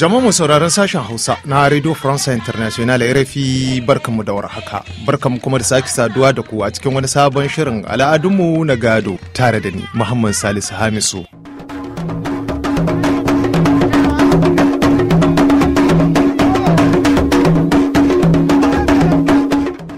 jama'a sauraron sashen hausa na radio france international rfi barkanmu da warhaka barkanmu kuma da sake saduwa da ku a cikin wani sabon shirin al'adunmu na gado tare da ni muhammad salisu hamisu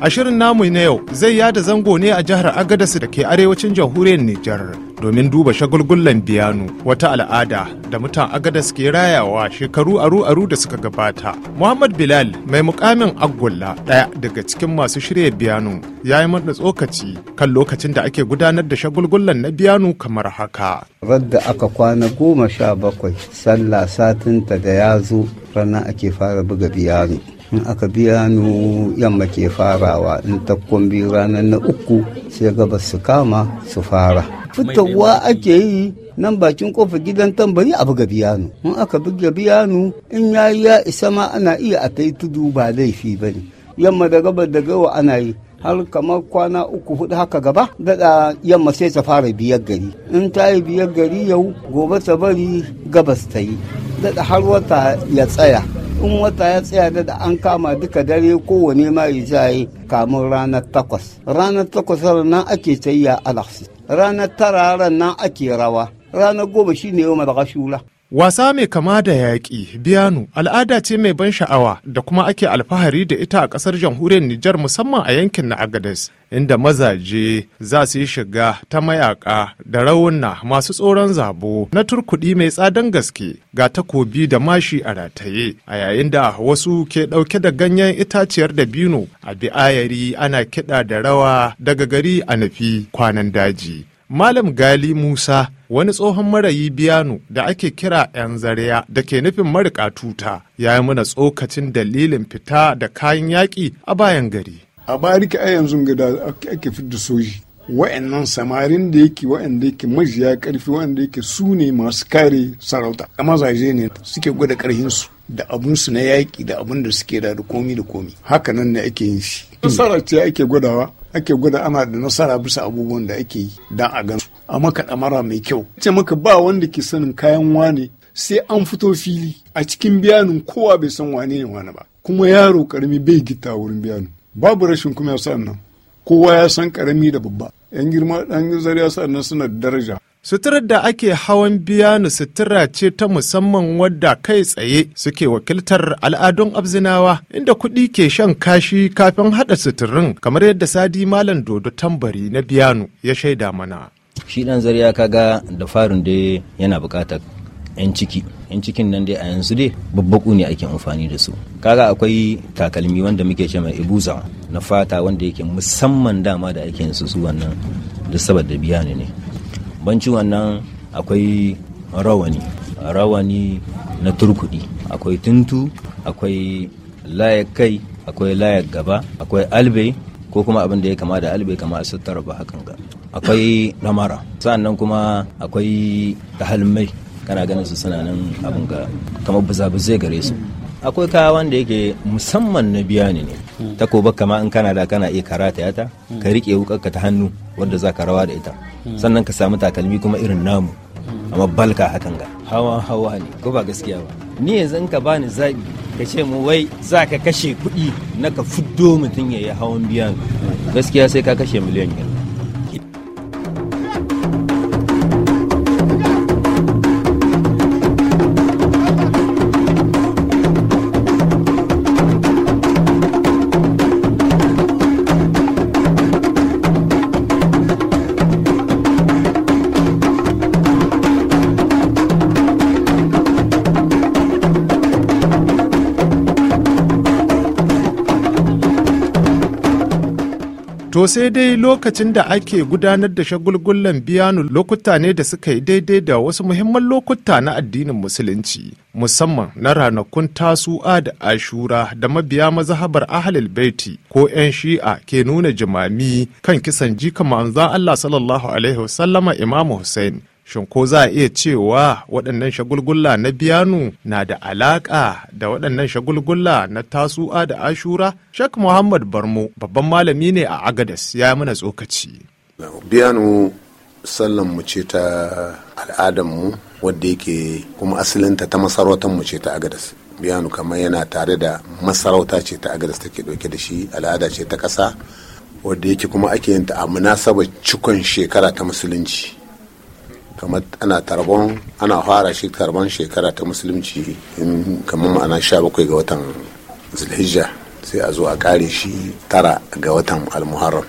a shirin namu na yau zai yada zango ne a jihar agadas da ke arewacin jamhuriyar nijar domin duba shagulgullan biyanu wata al'ada da mutan agada suke rayawa shekaru aru-aru da suka gabata. Muhammad Bilal mai mukamin agulla ɗaya daga cikin masu shirya biyanu ya yi mada tsokaci kan lokacin da ake gudanar da shagulgullan na biyanu kamar haka. Radda aka kwana goma sha bakwai sallah satin ta da ya zo rana ake fara buga biyanu. in aka biya nu yamma ke farawa in takkon biyu ranar na uku sai gaba su kama su fara fitowa ake yi nan bakin kofa gidan tambari abu ga biyanu in aka buga biyanu in yi ya isa ma ana iya a ta tudu ba laifi ba ne yamma da gaba da gawa ana yi har kamar kwana uku hudu haka gaba daga yamma sai ta fara biyar gari in ta yi biyar gari yau gobe ta bari gabas ta yi daga har wata ya tsaya in wata ya tsaya da da an kama duka dare kowane ma ya kamun ranar takwas ranar takwas nan ake tayya alaksi ranar tara nan ake rawa ranar goma shine yau madagashula Wasa mai kama da yaƙi biyanu al'ada ce mai ban sha'awa da kuma ake alfahari da ita a ƙasar jamhuriyar Nijar musamman a yankin na Agadez, inda mazaje za su yi shiga ta mayaƙa da rawuna masu tsoron zabo na turkuɗi mai tsadan gaske ga takobi da mashi a rataye, a yayin da wasu ke ɗauke da ganyen itaciyar da bino a bi'ayari ana kiɗa da rawa daga gari a nafi kwanan daji. Malam Gali Musa wani tsohon marayi biyanu da ake kira 'yan zariya da ke nufin marika tuta ya yi mana tsokacin dalilin fita da kayan yaƙi a bayan gari. A bayan a yanzu gada ake ake da soji. Wa'annan samarin da yake wa'anda yake majiya karfi wa'anda yake su ne masu kare sarauta. A mazaje ne suke gwada karhinsu da abunsu na yaƙi da abun da suke da da komi da komi. hakanan ne ake yin shi. Nasara ce ake gwadawa. Ake gwada ana da nasara bisa abubuwan da ake yi don a gansu. a maka ɗamara mai kyau ce maka ba wanda ke sanin kayan wane sai an fito fili a cikin biyanin kowa bai san wane ne wane ba kuma yaro karami bai gita wurin biyanu. babu rashin kuma yasa nan kowa ya san karami da babba yan girma dan zariya nan suna da daraja Suturar da ake hawan biyanu sutura ce ta musamman wadda kai tsaye suke wakiltar al'adun abzinawa inda kuɗi ke shan kashi kafin haɗa suturin kamar yadda sadi malam dodo tambari na biyanu ya shaida mana. shi ɗan zariya kaga da farin dai yana buƙatar 'yan ciki yan cikin nan dai a yanzu dai babbaku ne ake amfani da su kaga akwai takalmi wanda muke ce mai ibuza na fata wanda yake musamman dama da ake yin su wannan da saboda biya ne banci wannan akwai rawani rawani na turkudi akwai tuntu akwai layak kai akwai layak gaba akwai albe ko kuma abin da ya kama da albe kama a sattar ba hakan ga akwai lamara. sa'annan kuma akwai halmai kana ganin su suna nan abin ga kamar buza-buzai gare su akwai kawa wanda yake musamman na biya ne ne takoba kama in kana da kana iya karata ta ka rike wukarka ta hannu wanda za ka rawa da ita sannan ka samu takalmi kuma irin namu amma balka hakan ga hawa hawa ne ko ba gaskiya ba ni yanzu in ka bani zaɓi ka ce mu wai za ka kashe kuɗi na ka fuddo mutum ya yi hawan biya gaskiya sai ka kashe miliyan yanzu To sai dai lokacin da ake gudanar da shagulgullan biyanu lokuta ne da suka yi daidai da wasu muhimman lokuta na addinin musulunci, musamman na ranakun tasu'a da ashura da mabiya mazahabar ahalil baiti ko 'yan shi'a ke nuna jimami kan kisan jika manzan Allah sallallahu Alaihi wasallama Imamu Hussein Shin ko za a iya cewa waɗannan shagulgulla na biyanu na da alaƙa da waɗannan shagulgulla na tasu'a da ashura? Shak Muhammad Barmo babban malami ne a Agadas ya mana tsokaci. Biyanu mu ce ta al'adanmu wadda yake kuma asalinta ta mu ce ta Agadas. Biyanu kamar yana tare da masarauta ce ta Agadas take ɗauke da shi al'ada ce ta ƙasa wadda yake kuma ake yin ta a munasabar cikon shekara ta musulunci. kamar ana tarbon ana fara shi tarban shekara ta musulunci kamar ma'ana sha bakwai ga watan zulhijja sai a zo a kare shi tara ga watan muharram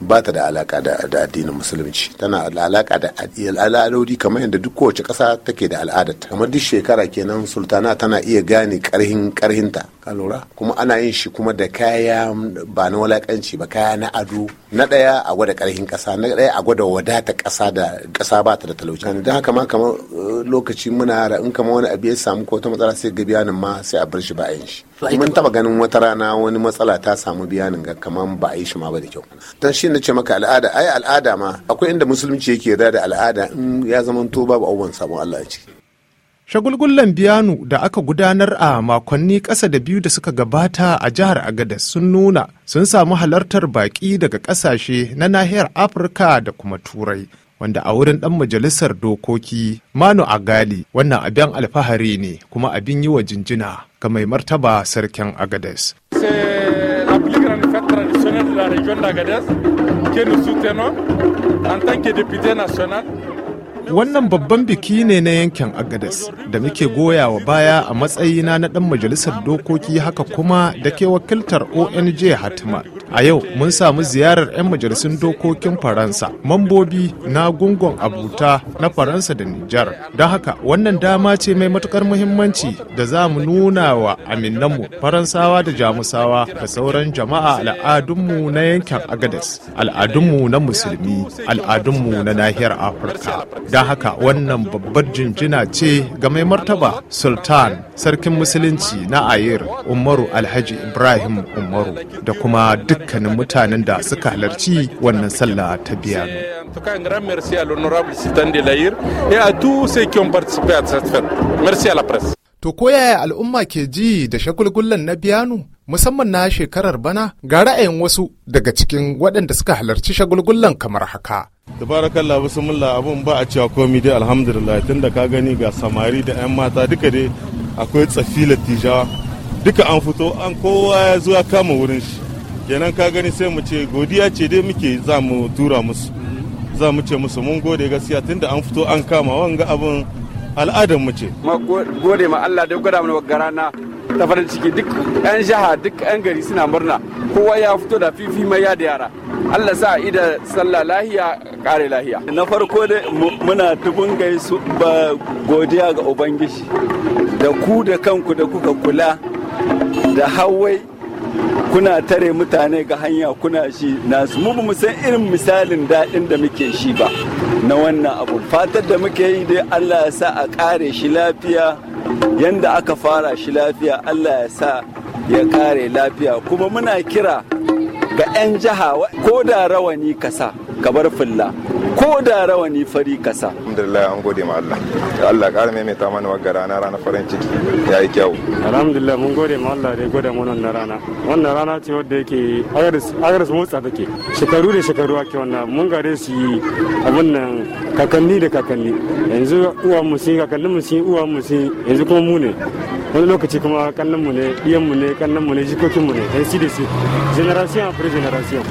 ba ta da alaka da addinin musulunci tana da alaka da al'adodi kamar yadda duk kowace ƙasa take da al'ada kamar duk shekara kenan sultana tana iya gane karhin karhinta ka lura kuma ana yin shi kuma da kaya ba na walakanci ba kaya na ado na ɗaya a gwada karhin ƙasa na ɗaya a gwada wadata ƙasa da ƙasa ba ta da talauci don haka ma kamar eh, lokaci muna in kamar wani abu ya samu ko ta matsala sai gabiyanin ma sai a bar shi ba a yin shi mun taba ganin wata rana wani matsala ta samu biyanin ga kaman ba a yi shi ma ba da kyau don shi na ce maka al'ada ai al'ada ma akwai inda musulunci yake yarda da al'ada in ya zama to babu abubuwan sabon Allah a ciki shagulgullan biyanu da aka gudanar a makonni ƙasa da biyu da suka gabata a jihar agadas sun nuna sun samu halartar baƙi daga ƙasashe na nahiyar afirka da kuma turai wanda a wurin ɗan majalisar dokoki Manu Agali wannan abin alfahari ne kuma abin yi wa jinjina ga mai martaba sarkin Agades. Wannan babban biki ne na yankin Agades da muke goya wa baya a matsayina na ɗan majalisar dokoki haka kuma da ke wakiltar ONG Hatima. a yau mun samu ziyarar 'yan majalisun dokokin faransa mambobi na gungun abuta na faransa da nijar don haka wannan dama ce mai matukar muhimmanci da za mu nuna wa aminanmu faransawa da jamusawa da sauran jama'a al'adunmu na yankin agadas al'adunmu na musulmi al'adunmu na nahiyar afirka don haka wannan babbar jinjina ce ga mai martaba sultan sarkin musulunci na ayir umaru alhaji ibrahim umaru da kuma duk dukkanin mutanen da suka halarci wannan sallah ta biyar. To ko yaya al'umma ke ji da shagulgullan na biyanu musamman na shekarar bana ga ra'ayin wasu daga cikin waɗanda suka halarci shagulgullan kamar haka. Tabarakallah bismillah abun ba a cewa komi dai alhamdulillah tunda ka gani ga samari da 'yan mata duka dai akwai tsafi latijawa duka an fito an kowa ya zo ya kama wurin shi kenan ka gani sai mu ce godiya ce dai muke za mu tura musu za mu ce musu mun gode gaskiya tunda an fito an kama wanga abin al'adar mu ce gode ma Allah da gwada mana na ta farin ciki duk yan jaha duk yan gari suna murna kowa ya fito da fifi mai ya da yara Allah sa ida sallah lahiya kare lahiya na farko dai muna dubun su ba godiya ga ubangiji da ku da kanku da kuka kula da hawai kuna tare mutane ga hanya kuna shi nasu mu mu san irin misalin daɗin da muke shi ba na wannan abu fatar da muke yi dai allah ya sa a kare shi lafiya yanda aka fara shi lafiya allah ya sa ya kare lafiya kuma muna kira ga 'yan jiha ko da rawani kasa ka bar fulla ko da rawani fari kasa alhamdulillah an gode ma Allah Allah ƙara ta mana wagga rana rana farin ciki yayi kyau alhamdulillah mun gode ma Allah da ya gode mana wannan rana wannan rana ce wadda yake agaris agaris motsa take shekaru da shekaru ake wannan mun gare su abin nan kakanni da kakanni yanzu uwa mu sun kakannin mu sun uwa mu sun yanzu kuma mu ne wani lokaci kuma kannan mu ne iyan mu ne kannan mu ne jikokin mu ne NCDC generation après generation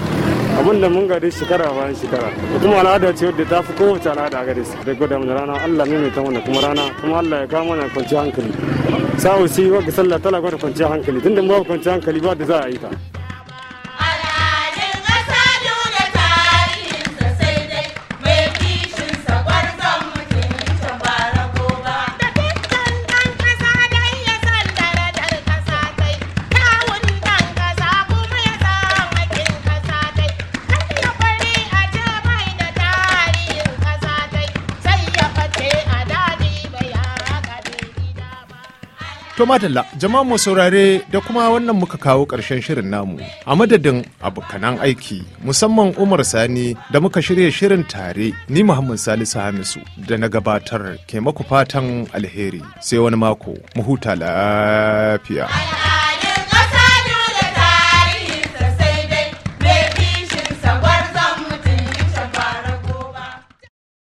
abin da mun gari shekara bayan shekara kuma al'ada ce wadda ta fi kowace al'ada gare su da gwada mana rana Allah mai ta kuma rana kuma Allah ya kawo mana kwanci hankali sawu si wa ga sallah tana gwada kwanciyar hankali tunda babu kwanci hankali ba da za a yi ta To madalla jama'a mu saurare da kuma wannan muka kawo ƙarshen shirin namu a madadin abokanan aiki musamman Umar Sani da muka shirya shirin tare ni Muhammad Salisu Hamisu da na gabatar ke maku fatan alheri sai wani mako mu huta lafiya.